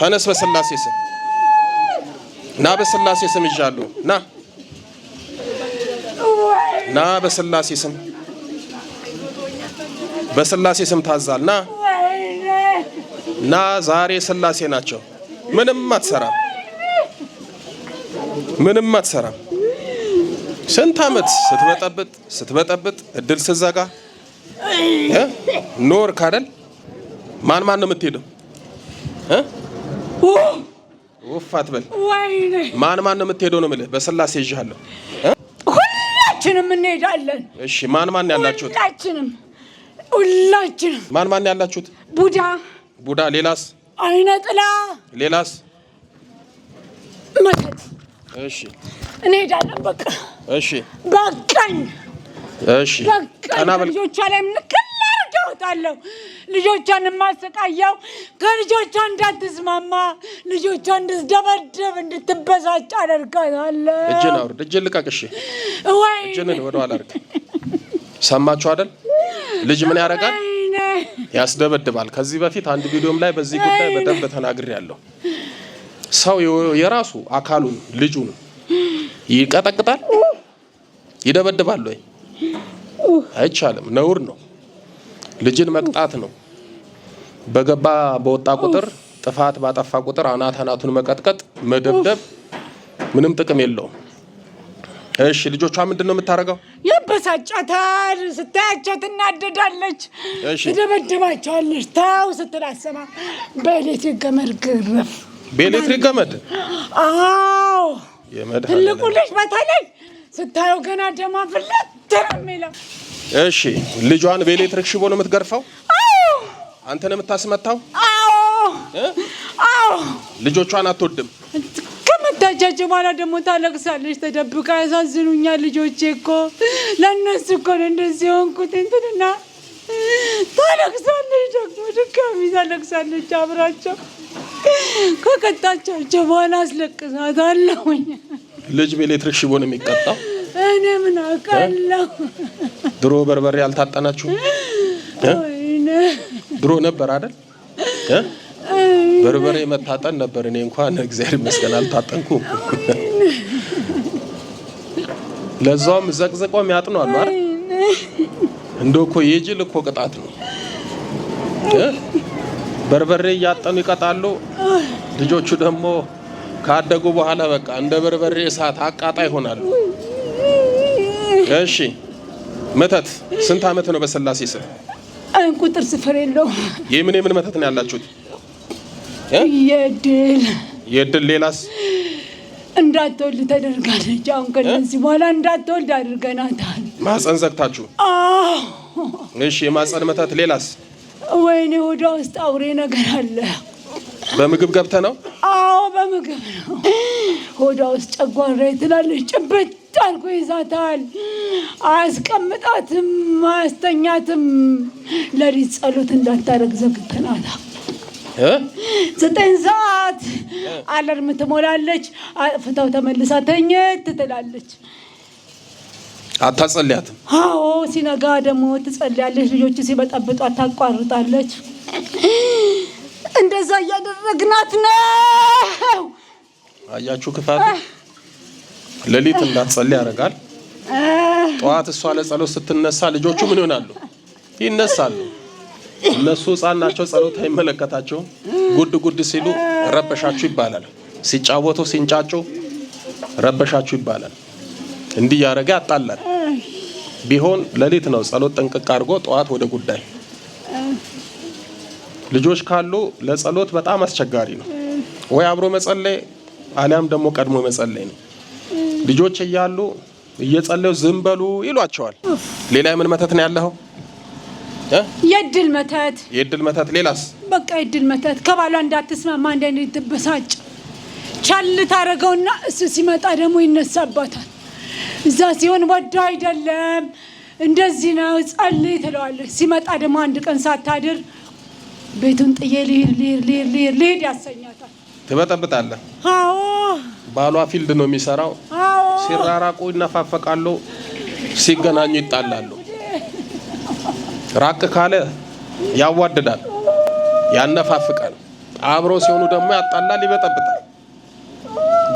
ተነስ በስላሴ ስም ና፣ በስላሴ ስም ይዣሉ። ና ና፣ በስላሴ ስም በስላሴ ስም ታዛል። ና ና፣ ዛሬ ስላሴ ናቸው። ምንም አትሰራም፣ ምንም አትሰራም። ስንት አመት ስትበጠብጥ ስትበጠብጥ እድል ስትዘጋ ኖር ካደል ማን ማን ነው የምትሄደው? ውፍ አትበል። ማን ማን ነው የምትሄደው ነው የምልህ። በስላሴ ይዣለሁ። ሁላችንም እንሄዳለን። እሺ፣ ማን ማን ያላችሁት? ሁላችንም ሁላችንም። ማን ማን ያላችሁት? ቡዳ ቡዳ። ሌላስ? አይነ ጥላ። ሌላስ? መተት እሺ፣ እንሄዳለን። በቃ እሺ፣ በቃኝ። እሺ፣ ልጆቿ ላይ ልጆቿን የማሰቃየው ከልጆቿ እንዳትስማማ፣ ልጆቿ እንድትደበደብ፣ እንድትበሳጭ አደርጋታለሁ። እጅን አውርድ፣ እጅን ልቀቅ። እሺ፣ ወይ እጅንን ወደኋላ አድርግ። ሰማችሁ አይደል? ልጅ ምን ያደርጋል? ያስደበድባል። ከዚህ በፊት አንድ ቪዲዮም ላይ በዚህ ጉዳይ በደንብ ተናግሬያለሁ። ሰው የራሱ አካሉን ልጁን ይቀጠቅጣል፣ ይደበድባል ወይ? አይቻልም። ነውር ነው። ልጅን መቅጣት ነው። በገባ በወጣ ቁጥር ጥፋት ባጠፋ ቁጥር አናት አናቱን መቀጥቀጥ፣ መደብደብ ምንም ጥቅም የለውም። እሺ ልጆቿ ምንድን ነው የምታደርገው? ያበሳጫታል። ስታያቸው ትናደዳለች፣ ትደበድባቸዋለች። ታው ስትላሰማ በሌት ገመድ ግረፍ በኤሌክትሪክ ገመድ አዎ። ትልቁ ልጅ በተለይ ስታየው ገና ደማ ፍለት የሚለው እሺ። ልጇን በኤሌክትሪክ ሽቦ ነው የምትገርፈው? አዎ። አንተ ነው የምታስመታው? አዎ፣ አዎ። ልጆቿን አትወድም። ከምታጃጅ በኋላ ደግሞ ታለቅሳለች ተደብቃ። ያሳዝኑኛል ልጆቼ እኮ ለእነሱ እኮ ነው እንደዚህ ሆንኩት እንትንና ታለቅሳለች ደግሞ ድጋሚ ታለቅሳለች አብራቸው ከቀጣቻቸው በኋላ አስለቅሳት አለሁኝ። ልጅ በኤሌክትሪክ ሽቦ ነው የሚቀጣው። እኔ ምን አውቃለሁ። ድሮ በርበሬ አልታጠናችሁም? ድሮ ነበር አይደል? በርበሬ መታጠን ነበር። እኔ እንኳን እግዚአብሔር ይመስገን አልታጠንኩም። ለዛውም ዘቅዘቀው የሚያጥኑ አሉ አይደል? እንደው እኮ የጅል እኮ ቅጣት ነው። በርበሬ እያጠኑ ይቀጣሉ። ልጆቹ ደግሞ ካደጉ በኋላ በቃ እንደ በርበሬ እሳት አቃጣ ይሆናሉ። እሺ መተት ስንት ዓመት ነው? በስላሴ ስም ቁጥር ስፍር የለውም። የምን የምን መተት ነው ያላችሁት? የድል የድል ሌላስ? እንዳትወልድ ተደርጋለች። አሁን ከነዚህ በኋላ እንዳትወልድ አድርገናታል። ማፀን ዘግታችሁ? እሺ የማፀን መተት ሌላስ? ወይኔ ወደ ውስጥ አውሬ ነገር አለ በምግብ ገብተ ነው? አዎ በምግብ ነው። ሆዷ ውስጥ ጨጓራ ትላለች። ጭብጥ አልኮ ይዛታል። አያስቀምጣትም፣ አያስተኛትም። ለሊት ጸሎት እንዳታረግ ዘግተናታ ዘጠኝ ሰዓት አለርም ትሞላለች። ፍታው ተመልሳ ተኘት ትላለች። አታጸልያትም። አዎ ሲነጋ ደግሞ ትጸልያለች። ልጆቹ ሲበጠብጡ አታቋርጣለች። እንደዛ እያደረግናት ነው። አያችሁ ክፋት ሌሊት እንዳትጸል ያደርጋል። ጠዋት እሷ ለጸሎት ስትነሳ ልጆቹ ምን ይሆናሉ? ይነሳሉ። እነሱ ህፃን ናቸው፣ ጸሎት አይመለከታቸውም። ጉድ ጉድ ሲሉ ረበሻችሁ ይባላል። ሲጫወቱ ሲንጫጩ ረበሻችሁ ይባላል። እንዲህ ያደረገ ያጣላል። ቢሆን ሌሊት ነው ጸሎት ጥንቅቅ አድርጎ ጠዋት ወደ ጉዳይ ልጆች ካሉ ለጸሎት በጣም አስቸጋሪ ነው። ወይ አብሮ መጸለይ አሊያም ደግሞ ቀድሞ መጸለይ ነው። ልጆች እያሉ እየጸለዩ ዝም በሉ ይሏቸዋል። ሌላ የምን መተት ነው ያለው? የእድል መተት፣ የድል መተት። ሌላስ? በቃ የእድል መተት ከባሏ እንዳትስማማ እንደኔ ትበሳጭ ቻል ታደርገውና እሱ ሲመጣ ደግሞ ይነሳባታል። እዛ ሲሆን ወዶ አይደለም እንደዚህ ነው ጸልይ ትለዋለች። ሲመጣ ደግሞ አንድ ቀን ሳታድር ቤቱን ጥዬ ልሂድ ልሂድ ልሂድ ልሂድ ልሂድ ያሰኛታል። ትበጠብጣለህ። አዎ ባሏ ፊልድ ነው የሚሰራው። ሲራራቁ ይነፋፈቃሉ፣ ሲገናኙ ይጣላሉ። ራቅ ካለ ያዋድዳል፣ ያነፋፍቃል። አብሮ ሲሆኑ ደግሞ ያጣላል፣ ይበጠብጣል።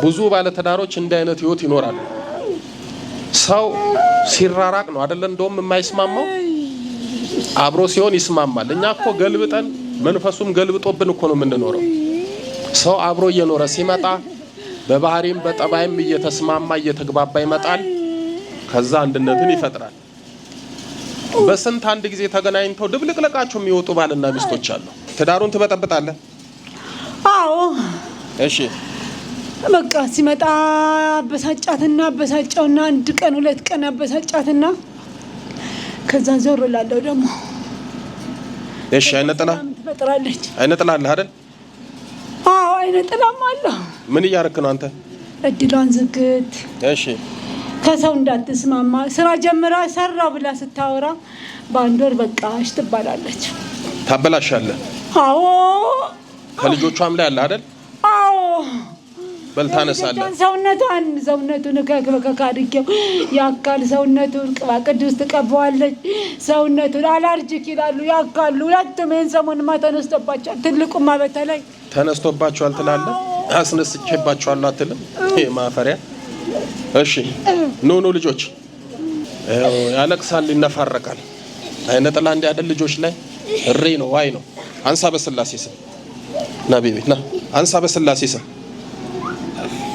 ብዙ ባለትዳሮች እንዲህ አይነት ህይወት ይኖራሉ። ሰው ሲራራቅ ነው አይደለ? እንደውም የማይስማማው አብሮ ሲሆን ይስማማል። እኛ እኮ ገልብጠን መንፈሱም ገልብጦብን እኮ ነው የምንኖረው። ሰው አብሮ እየኖረ ሲመጣ በባህሪም በጠባይም እየተስማማ እየተግባባ ይመጣል። ከዛ አንድነትን ይፈጥራል። በስንት አንድ ጊዜ ተገናኝተው ድብልቅልቃቸው የሚወጡ ባልና ሚስቶች አሉ። ትዳሩን ትበጠብጣለህ? አዎ። እሺ በቃ ሲመጣ አበሳጫትና አበሳጫውና አንድ ቀን ሁለት ቀን አበሳጫትና ከዛ ዞር ደግሞ እሺ አይነጥላ ትፈጥራለች። አይነ ጥላ አይደል? አዎ አይነ ጥላም አለ። ምን እያደረክ ነው አንተ? እድሏን ዝግት። እሺ ከሰው እንዳትስማማ ስራ ጀምራ ሰራው ብላ ስታወራ በአንድ ወር በቃሽ ትባላለች። ታበላሻለህ። አዎ ከልጆቿም ላይ አለ አይደል? በልታነሳለ ሰውነቷን ሰውነቱን ከካድጌው ያካል ሰውነቱን ቅባ ቅዱስ ትቀባዋለች። ሰውነቱን አላርጅክ ይላሉ ያካሉ። ሁለቱም ይህን ሰሞንማ ተነስቶባቸዋል። ትልቁማ በተለይ ተነስቶባቸዋል ትላለ። አትልም ማፈሪያ። እሺ ልጆች፣ ያለቅሳል፣ ይነፋረቃል። ነጠላ እንዲ ልጆች ላይ እሬ ነው ዋይ ነው። አንሳ በስላሴ ስም ና ና አንሳ በስላሴ ስም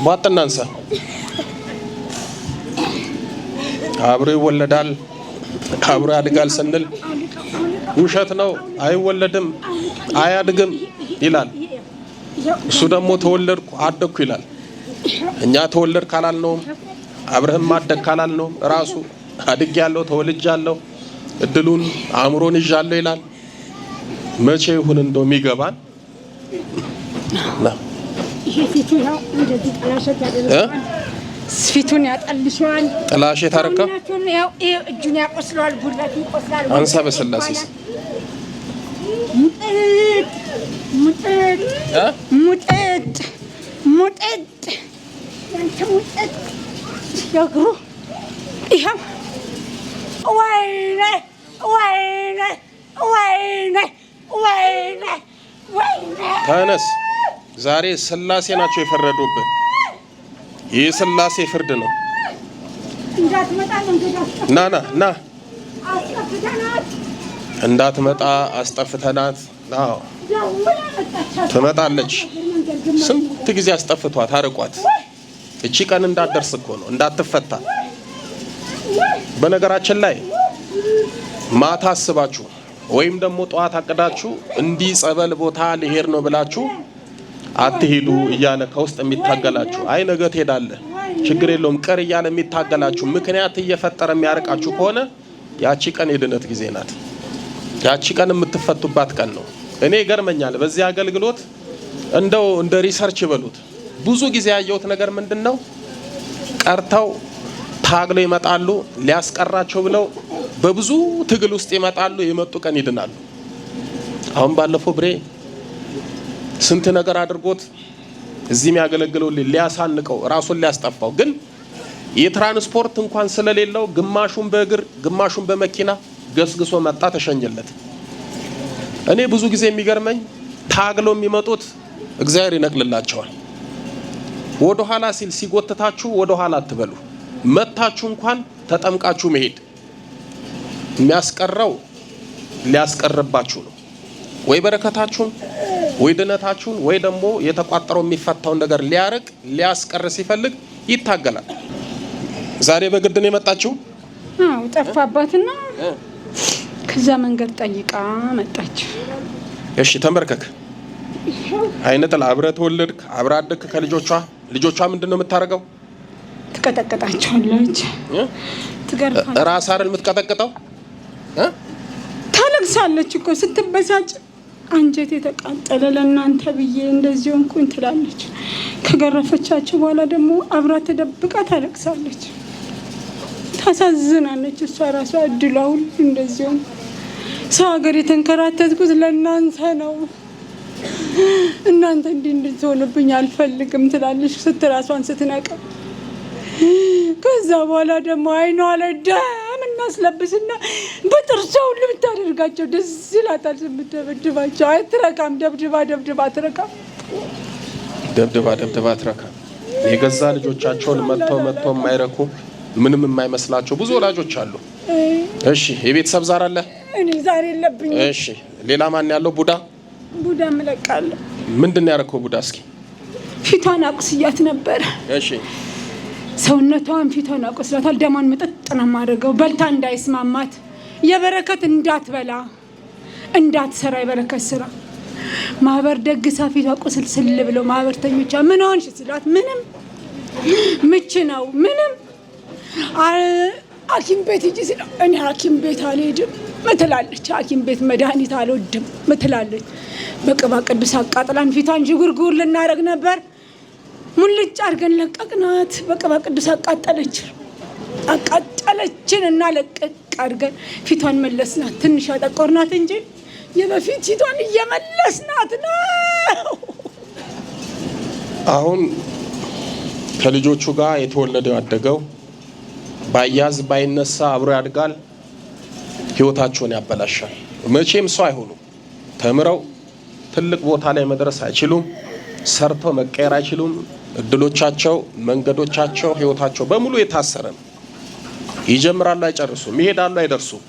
ቧጥ እናንሳ። አብሮ ይወለዳል አብሮ ያድጋል ስንል ውሸት ነው። አይወለድም አያድግም ይላል። እሱ ደግሞ ተወለድኩ አደግኩ ይላል። እኛ ተወለድ ካላልነውም አብርሃም አደግ ካላልነውም ራሱ አድግ ያለው ተወልጅ ያለው እድሉን አእምሮን ይዣለሁ ይላል። መቼ ይሁን እንደው የሚገባን ስፊቱን ያጠልሸዋል። ጥላሸት አረካ እጁን ያቆስለዋል። ጉድለት ይቆስላል። አንሳ በስላሴ ሙጥጥ ሙጥጥ ያንተ ሙጥጥ የእግሩ ይኸው ወይኔ ወይኔ ወይኔ ወይኔ ወይኔ ተነስ ዛሬ ስላሴ ናቸው የፈረዱብን። ይህ ስላሴ ፍርድ ነው። ና ና ና እንዳትመጣ አስጠፍተናት። ትመጣለች። ስንት ጊዜ አስጠፍቷት አርቋት። እቺ ቀን እንዳትደርስ እኮ ነው እንዳትፈታ። በነገራችን ላይ ማታ አስባችሁ ወይም ደግሞ ጠዋት አቅዳችሁ እንዲህ ጸበል ቦታ ልሄድ ነው ብላችሁ አትሂዱ እያለ ከውስጥ የሚታገላችሁ አይ ነገ ትሄዳለህ ችግር የለውም ቅር እያለ የሚታገላችሁ ምክንያት እየፈጠረ የሚያርቃችሁ ከሆነ ያቺ ቀን የድነት ጊዜ ናት። ያቺ ቀን የምትፈቱባት ቀን ነው። እኔ ይገርመኛል በዚህ አገልግሎት እንደው እንደ ሪሰርች ይበሉት ብዙ ጊዜ ያየሁት ነገር ምንድን ነው? ቀርተው ታግለው ይመጣሉ። ሊያስቀራቸው ብለው በብዙ ትግል ውስጥ ይመጣሉ። የመጡ ቀን ይድናሉ። አሁን ባለፈው ብሬ ስንት ነገር አድርጎት እዚህ የሚያገለግለው ሊያሳንቀው ራሱን ሊያስጠፋው ግን የትራንስፖርት እንኳን ስለሌለው ግማሹን በእግር ግማሹን በመኪና ገስግሶ መጣ፣ ተሸኘለት። እኔ ብዙ ጊዜ የሚገርመኝ ታግለው የሚመጡት እግዚአብሔር ይነቅልላቸዋል። ወደ ኋላ ሲል ሲጎትታችሁ ወደ ኋላ አትበሉ። መታችሁ እንኳን ተጠምቃችሁ መሄድ የሚያስቀረው ሊያስቀርባችሁ ነው ወይ በረከታችሁን ወይ ድነታችሁን ወይ ደግሞ የተቋጠረው የሚፈታውን ነገር ሊያርቅ ሊያስቀር ሲፈልግ ይታገላል። ዛሬ በግድ ነው የመጣችው። አዎ ጠፋባትና ከዛ መንገድ ጠይቃ መጣች። እሺ ተንበርከክ። አይነ ጥላ አብረህ ተወለድክ፣ ከልጆቿ። ልጆቿ ምንድን ነው የምታደርገው? ትቀጠቅጣቸዋለች። ራስ አይደል የምትቀጠቅጠው? ታለቅሳለች እኮ ስትበሳጭ አንጀት የተቃጠለ ለእናንተ ብዬ እንደዚህ ሆንኩኝ ትላለች። ከገረፈቻቸው በኋላ ደግሞ አብራ ተደብቃ ታለቅሳለች፣ ታሳዝናለች። እሷ ራሷ እድሏ ሁሉ እንደዚሁም ሰው ሀገር የተንከራተትኩት ለእናንተ ነው እናንተ እንዲህ እንድትሆንብኝ አልፈልግም ትላለች ስትራሷን ስትነቀ ከዛ በኋላ ደግሞ አይኗ ለዳ የምናስለብስና በጥርሷ ሁሉ የምታደርጋቸው ደስ ይላታል። የምትደበድባቸው አትረካም። ደብድባ ደብድባ አትረካም። ደብድባ ደብድባ አትረካም። የገዛ ልጆቻቸውን መጥተው መጥተው የማይረኩ ምንም የማይመስላቸው ብዙ ወላጆች አሉ። እሺ፣ የቤተሰብ ዛር አለ። እኔ ዛሬ የለብኝ። እሺ፣ ሌላ ማን ያለው? ቡዳ ቡዳ ምለቃለሁ። ምንድን ነው ያደረከው ቡዳ? እስኪ ፊቷን አቁስያት ነበረ። እሺ ሰውነቷን ፊቷን አቆስላታል። ደማን መጠጥ ነው የማደርገው። በልታ እንዳይስማማት የበረከት እንዳትበላ እንዳትሰራ የበረከት ስራ ማህበር ደግሳ ፊቷ ቁስል ስል ብሎ ማህበርተኞቿ ምን ሆንሽ ስላት ምንም ምች ነው ምንም ሐኪም ቤት ሂጂ ስለው እኔ ሐኪም ቤት አልሄድም ምትላለች። ሐኪም ቤት መድኃኒት አልወድም ምትላለች። በቅባ ቅዱስ አቃጥላን ፊቷን ዥጉርጉር ልናደርግ ነበር። ሙልጭ አድርገን ለቀቅናት። በቅባ ቅዱስ አቃጠለች አቃጠለችን እና ለቀቅ አድርገን ፊቷን መለስናት። ትንሽ አጠቆርናት እንጂ የበፊት ፊቷን እየመለስናት ነው። አሁን ከልጆቹ ጋር የተወለደው ያደገው ባያዝ ባይነሳ አብሮ ያድጋል። ህይወታቸውን ያበላሻል። መቼም ሰው አይሆኑም። ተምረው ትልቅ ቦታ ላይ መድረስ አይችሉም። ሰርተው መቀየር አይችሉም። እድሎቻቸው፣ መንገዶቻቸው፣ ህይወታቸው በሙሉ የታሰረ ነው። ይጀምራሉ አይጨርሱም፣ ይሄዳሉ አይደርሱም።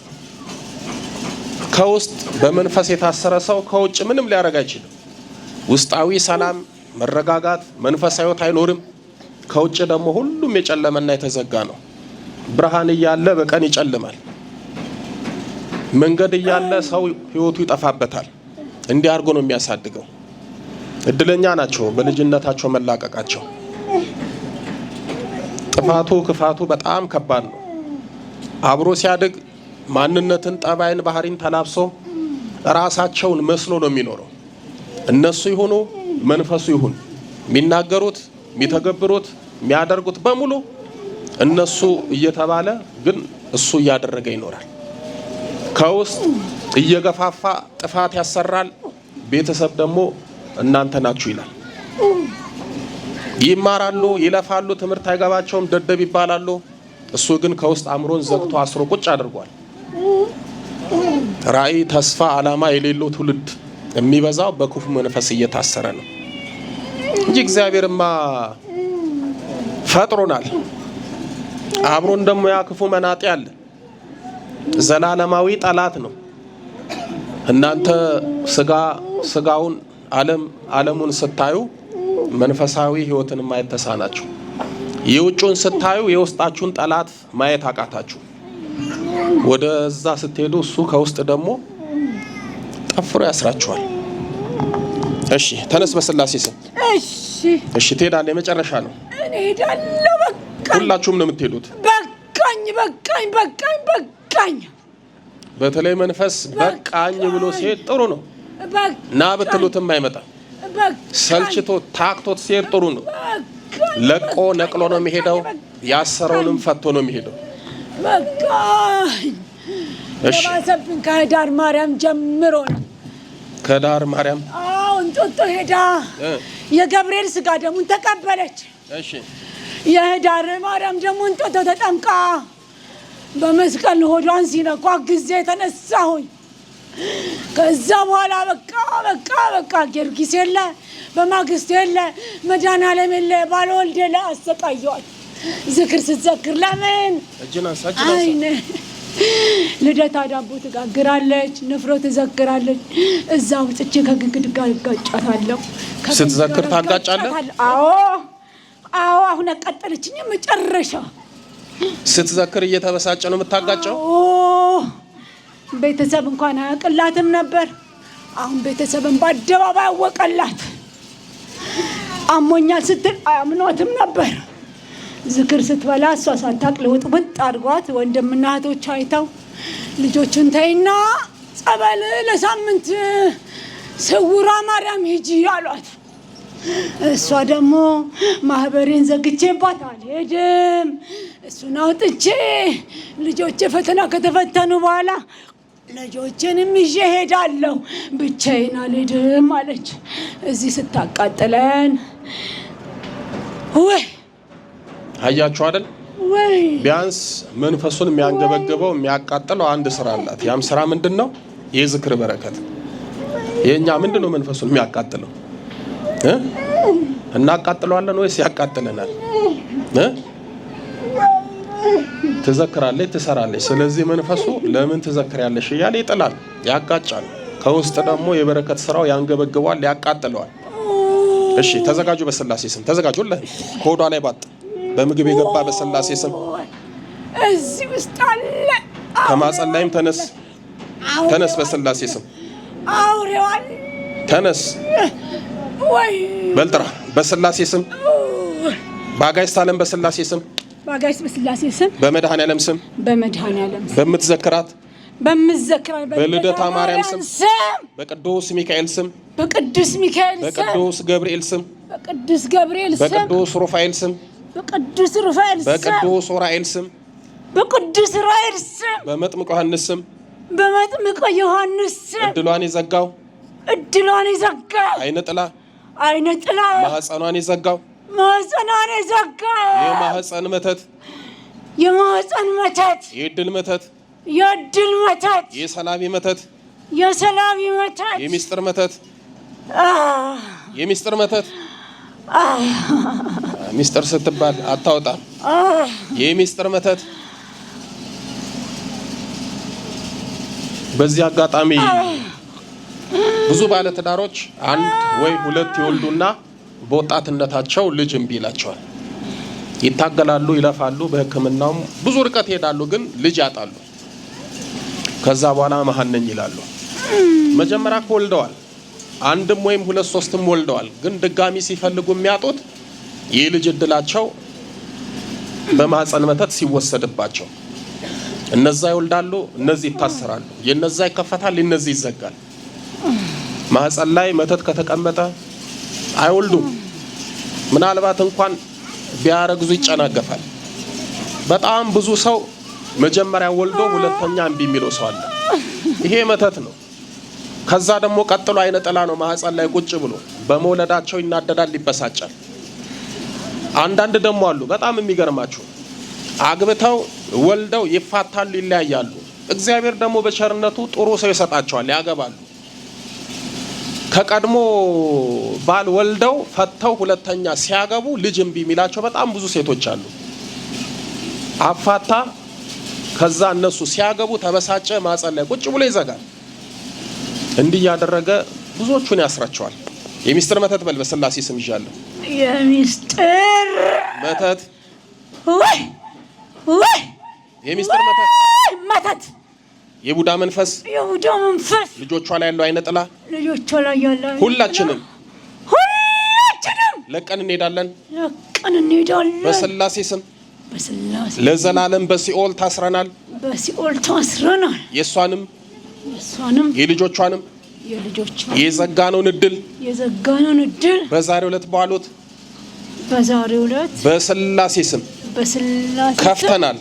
ከውስጥ በመንፈስ የታሰረ ሰው ከውጭ ምንም ሊያደርግ አይችልም። ውስጣዊ ሰላም፣ መረጋጋት፣ መንፈሳዊ ህይወት አይኖርም። ከውጭ ደግሞ ሁሉም የጨለመና የተዘጋ ነው። ብርሃን እያለ በቀን ይጨልማል። መንገድ እያለ ሰው ህይወቱ ይጠፋበታል። እንዲህ አድርጎ ነው የሚያሳድገው። እድለኛ ናቸው በልጅነታቸው መላቀቃቸው። ጥፋቱ ክፋቱ በጣም ከባድ ነው። አብሮ ሲያድግ ማንነትን፣ ጠባይን፣ ባህሪን ተላብሶ ራሳቸውን መስሎ ነው የሚኖረው። እነሱ ይሁኑ መንፈሱ ይሁን የሚናገሩት፣ የሚተገብሩት፣ የሚያደርጉት በሙሉ እነሱ እየተባለ ግን እሱ እያደረገ ይኖራል። ከውስጥ እየገፋፋ ጥፋት ያሰራል። ቤተሰብ ደግሞ እናንተ ናችሁ ይላል። ይማራሉ፣ ይለፋሉ፣ ትምህርት አይገባቸውም፣ ደደብ ይባላሉ። እሱ ግን ከውስጥ አእምሮን ዘግቶ አስሮ ቁጭ አድርጓል። ራዕይ፣ ተስፋ፣ ዓላማ የሌለው ትውልድ የሚበዛው በክፉ መንፈስ እየታሰረ ነው እንጂ እግዚአብሔርማ ፈጥሮናል። አብሮን ደግሞ ያ ክፉ መናጤ አለ። ዘላለማዊ ጠላት ነው። እናንተ ስጋ ስጋውን ዓለም ዓለሙን ስታዩ መንፈሳዊ ህይወትን ማየት ተሳናችሁ። የውጭውን ስታዩ የውስጣችሁን ጠላት ማየት አቃታችሁ። ወደዛ ስትሄዱ እሱ ከውስጥ ደግሞ ጠፍሮ ያስራችኋል። እሺ ተነስ፣ በስላሴ ስም እሺ፣ እሺ። ትሄዳለህ። የመጨረሻ ነው። እኔ ሁላችሁም ነው የምትሄዱት። በቃኝ፣ በቃኝ፣ በቃኝ፣ በቃኝ። በተለይ መንፈስ በቃኝ ብሎ ሲሄድ ጥሩ ነው። ና ብትሉትም አይመጣም። ሰልችቶ ታክቶት ሲሄድ ጥሩ ነው። ለቆ ነቅሎ ነው የሚሄደው። ያሰረውንም ፈቶ ነው የሚሄደው። የባሰብን ከህዳር ማርያም ጀምሮ ነው። ማርያም እንጦጦ ሄዳ የገብርኤል ስጋ ደሙን ተቀበለች። የህዳር ማርያም ደግሞ እንጦጦ ተጠምቃ በመስቀል ሆዷን ሲነኳ ጊዜ የተነሳሁኝ ከዛ በኋላ በቃ በቃ በቃ ጊዮርጊስ የለ፣ በማግስቱ የለ፣ መድኃኒዓለም የለ፣ ባለወልድ የለ። አሰቃየዋል። ዝክር ስትዘክር ለምን አይነ ልደታ ዳቦ ትጋግራለች፣ ንፍሮ ትዘክራለች። እዛ ውጥቼ ከግግድ ጋር ይጋጫታለሁ። ስትዘክር ታጋጫለህ? አዎ አዎ። አሁን አቃጠለችኝ። መጨረሻ ስትዘክር እየተበሳጨ ነው የምታጋጨው። ቤተሰብ እንኳን አያውቅላትም ነበር። አሁን ቤተሰብን በአደባባይ አወቀላት። አሞኛል ስትል አያምኗትም ነበር። ዝክር ስትበላ እሷ ሳታቅ ልውጥውጥ አድርጓት ወንድምና እህቶች አይተው ልጆችን ተይና ጸበል ለሳምንት ስውሯ ማርያም ሂጂ አሏት። እሷ ደግሞ ማህበሬን ዘግቼባት አልሄድም፣ እሱን አውጥቼ ልጆች ፈተና ከተፈተኑ በኋላ ልጆችንም ይዤ ሄዳለሁ፣ ብቻዬን አልሄድም አለች። እዚህ ስታቃጥለን ወይ አያችሁ አይደል? ቢያንስ መንፈሱን የሚያንገበግበው የሚያቃጥለው አንድ ስራ አላት። ያም ስራ ምንድን ነው? የዝክር በረከት። የእኛ ምንድን ነው መንፈሱን የሚያቃጥለው? እናቃጥለዋለን ወይስ ያቃጥለናል? ትዘክራለች፣ ትሰራለች። ስለዚህ መንፈሱ ለምን ትዘክሪያለሽ እያለ ይጥላል፣ ያጋጫል። ከውስጥ ደግሞ የበረከት ስራው ያንገበግቧል፣ ያቃጥለዋል። እሺ ተዘጋጁ፣ በስላሴ ስም ለ ከሆዷ ላይ ባጥ በምግብ የገባ በስላሴ ስም እዚህ ውስጥ አለ። ከማጸን ላይም ተነስ፣ ተነስ፣ በስላሴ ስም አውሬዋል፣ ተነስ፣ በልጥራ በስላሴ ስም ባጋይስታለም በስላሴ ስም በአጋይስ በስላሴ ስም በመድኃኔዓለም ስም በመድኃኔዓለም ስም በምትዘክራት በምትዘክራት በልደታ ማርያም ስም በቅዱስ ሚካኤል ስም በቅዱስ ሚካኤል ስም በቅዱስ ገብርኤል ስም በቅዱስ ገብርኤል ስም በቅዱስ ሩፋኤል ስም በቅዱስ ሩፋኤል ስም በቅዱስ ኡራኤል ስም በቅዱስ ኡራኤል ስም በመጥምቅ ዮሐንስ ስም በመጥምቅ ዮሐንስ ስም እድሏን የዘጋው እድሏን የዘጋው አይነ ጥላ አይነ ጥላ ማህፀኗን የዘጋው ማህፀኗን የዘጋ የማህፀን መተት የማህፀን መተት የእድል መተት የእድል መተት የሰላቢ መተት የሰላቢ መተት የሚስጥር መተት የሚስጥር መተት ሚስጥር ስትባል አታወጣም። የሚስጥር መተት በዚህ አጋጣሚ ብዙ ባለትዳሮች አንድ ወይ ሁለት ይወልዱና በወጣትነታቸው ልጅ እምቢ ይላቸዋል። ይታገላሉ፣ ይለፋሉ፣ በህክምናውም ብዙ ርቀት ይሄዳሉ፣ ግን ልጅ ያጣሉ። ከዛ በኋላ መሀን ይላሉ። መጀመሪያ እኮ ወልደዋል፣ አንድም ወይም ሁለት ሶስትም ወልደዋል፣ ግን ድጋሚ ሲፈልጉ የሚያጡት ይህ ልጅ እድላቸው በማህፀን መተት ሲወሰድባቸው እነዛ ይወልዳሉ፣ እነዚህ ይታሰራሉ። የነዛ ይከፈታል፣ የነዚህ ይዘጋል። ማህፀን ላይ መተት ከተቀመጠ አይወልዱም። ምናልባት እንኳን ቢያረግዙ ይጨናገፋል። በጣም ብዙ ሰው መጀመሪያ ወልዶ ሁለተኛ እምቢ የሚለው ሰው አለ። ይሄ መተት ነው። ከዛ ደግሞ ቀጥሎ አይነ ጥላ ነው ማህፀን ላይ ቁጭ ብሎ በመውለዳቸው ይናደዳል፣ ይበሳጫል። አንዳንድ ደግሞ አሉ በጣም የሚገርማችሁ አግብተው ወልደው ይፋታሉ፣ ይለያያሉ። እግዚአብሔር ደግሞ በቸርነቱ ጥሩ ሰው ይሰጣቸዋል፣ ያገባሉ። ከቀድሞ ባል ወልደው ፈተው ሁለተኛ ሲያገቡ ልጅ እምቢ የሚላቸው በጣም ብዙ ሴቶች አሉ። አፋታ ከዛ እነሱ ሲያገቡ ተበሳጨ፣ ማጸን ላይ ቁጭ ብሎ ይዘጋል። እንዲህ እያደረገ ብዙዎቹን ያስራቸዋል። የሚስጥር መተት በል በስላሴ ስም ይዣለሁ። የሚስጥር መተት ወይ ወይ የሚስጥር መተት መተት የቡዳ መንፈስ የቡዳ መንፈስ ልጆቿ ላይ ያለው አይነ ጥላ ልጆቿ ላይ ያለው ሁላችንም ሁላችንም ለቀን እንሄዳለን ለቀን እንሄዳለን በስላሴ ስም በስላሴ ለዘላለም በሲኦል ታስረናል በሲኦል ታስረናል። የእሷንም የእሷንም የልጆቿንም የዘጋነውን እድል የዘጋነውን እድል በዛሬው ዕለት በኋሎት በዛሬው ዕለት በስላሴ ስም በስላሴ ከፍተናል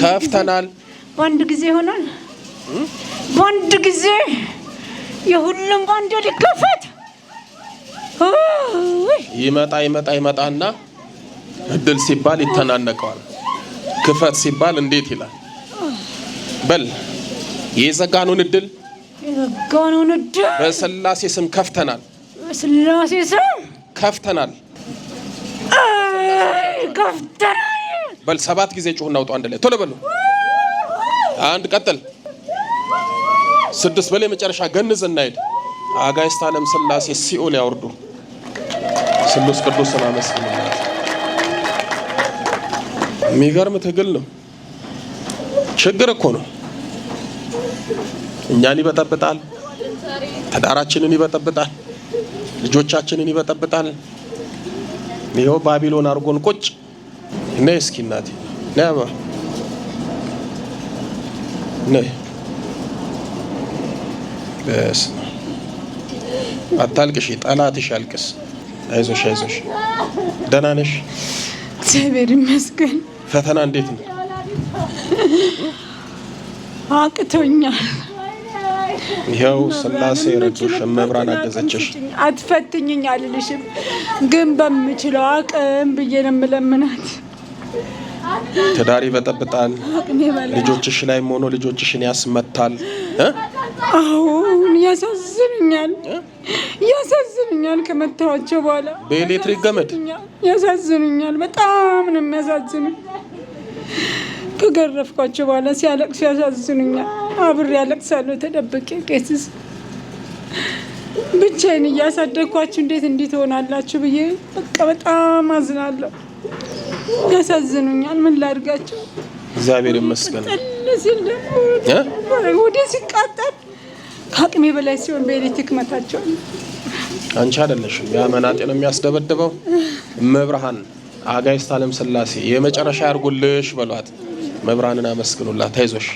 ከፍተናል። በአንድ ጊዜ ይሆናል። በአንድ ጊዜ የሁሉም ባንድ ሊከፈት ይመጣ ይመጣ ይመጣና እድል ሲባል ይተናነቀዋል። ክፈት ሲባል እንዴት ይላል። በል የዘጋነውን እድል የዘጋነውን እድል በስላሴ ስም ከፍተናል። በስላሴ ስም ከፍተናል። ከፍተናል። በል ሰባት ጊዜ ጩህ እናውጣው። አንድ ላይ ቶሎ በሉ። አንድ ቀጥል። ስድስት በላይ መጨረሻ ገንዝ እናሄድ። አጋዕዝተ ዓለም ስላሴ ሲኦል ያወርዱ። ስሉስ ቅዱስ እናመስግን። የሚገርም ትግል ነው። ችግር እኮ ነው። እኛን ይበጠብጣል፣ ትዳራችንን ይበጠብጣል፣ ልጆቻችንን ይበጠብጣል። ይኸው ባቢሎን አድርጎን ቁጭ ነይ እስኪ እናቴ ነይ አማ ነይ። በስመ አብ አታልቅሽ፣ ጠላትሽ አልቅስ። አይዞሽ አይዞሽ። ደህና ነሽ? እግዚአብሔር ይመስገን። ፈተና እንዴት ነው? አቅቶኛል። ይኸው ስላሴ ረዶሽ መብራን አገዘችሽ። አትፈትኝኝ አልልሽም፣ ግን በምችለው አቅም ብዬ ነው የምለምናት ትዳር ይበጠብጣል። ልጆችሽ ላይ ሆኖ ልጆችሽን ያስመታል። አሁን ያሳዝንኛል ያሳዝንኛል ከመታዋቸው በኋላ በኤሌክትሪክ ገመድ ያሳዝንኛል በጣም ነው የሚያሳዝኑ። ከገረፍኳቸው በኋላ ሲያለቅሱ ያሳዝኑኛል። አብሬ ያለቅሳለሁ ተደብቄ። ቄስስ ብቻዬን እያሳደግኳችሁ እንዴት እንዲህ ትሆናላችሁ ብዬ በቃ በጣም አዝናለሁ። ያሳዝኑኛል። ምን ላድርጋቸው? እግዚአብሔር ይመስገን። ወደ ሲቃጠል ከአቅሜ በላይ ሲሆን በኤሌክትሪክ መታቸው። አንቺ አይደለሽም ያ መናጤ ነው የሚያስደበድበው። መብርሃን አጋዕዝተ ዓለም ሥላሴ የመጨረሻ ያርጉልሽ በሏት። መብርሃንን አመስግኑላት። አይዞሽ